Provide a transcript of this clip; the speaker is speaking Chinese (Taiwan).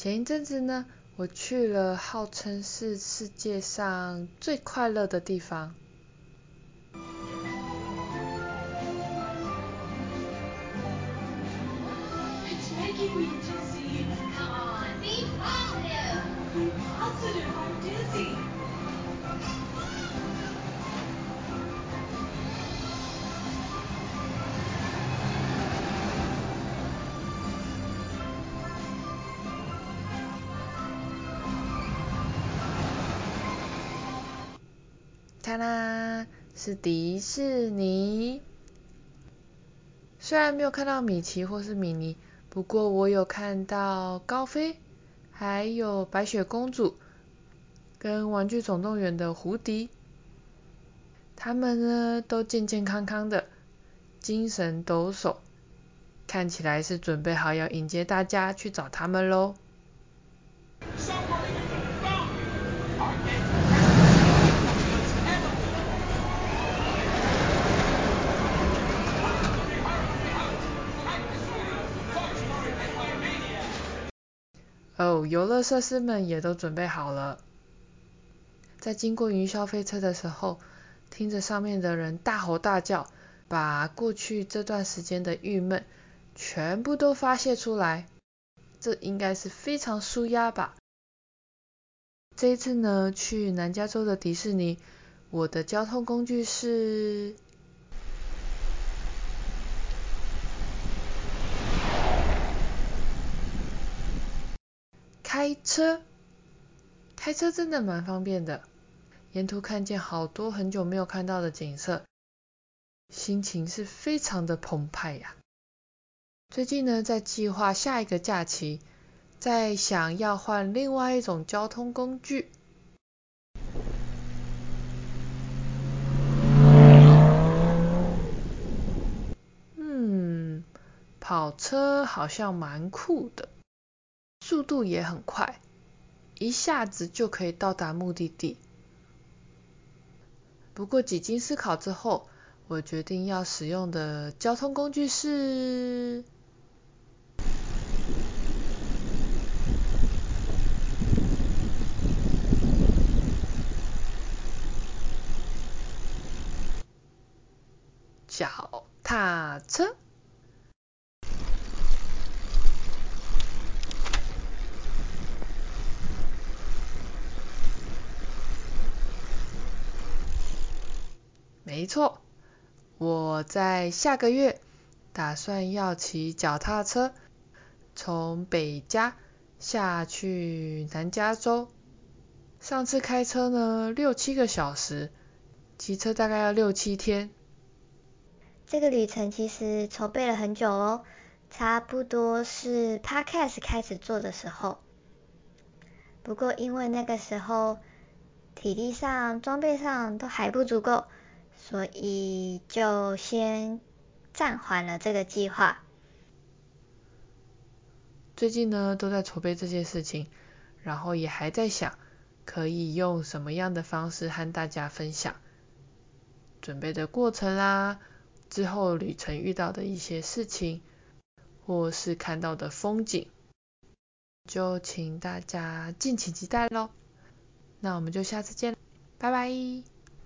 前一陣子呢，我去了號稱是世界上最快樂的地方。看啦，是迪士尼。雖然沒有看到米奇或是米妮，不過我有看到高飛，還有白雪公主跟玩具總動員的胡迪。他們呢，都健健康康的，精神抖擻，看起來是準備好要迎接大家去找他們嘍。哦，遊樂設施們也都準備好了。在經過雲霄飛車的時候，聽着上面的人大吼大叫，把過去這段時間的鬱悶全部都發洩出來。這應該是非常紓壓吧？這一次呢，去南加州的迪士尼，我的交通工具是……開車，開車真的蠻方便的。沿途看見好多很久沒有看到的景色，心情是非常的澎湃呀，啊。最近呢，在計劃下一個假期，在想要換另外一種交通工具。嗯，跑車好像蠻酷的。速度也很快，一下子就可以到達目的地。不過幾經思考之後，我決定要使用的交通工具是腳踏車。沒錯，我在下個月打算要騎腳踏車從北加下去南加州。上次開車呢，六七個小時，騎車大概要六七天。這個旅程其實籌備了很久哦，差不多是 Podcast 開始做的時候。不過因為那個時候體力上、裝備上都還不足夠。所以就先暫緩了這個計劃。最近呢，都在籌備這些事情，然後也還在想可以用什麼樣的方式和大家分享準備的過程啦、啊，之後旅程遇到的一些事情，或是看到的風景，就請大家敬請期待嘍。那我們就下次見，拜拜。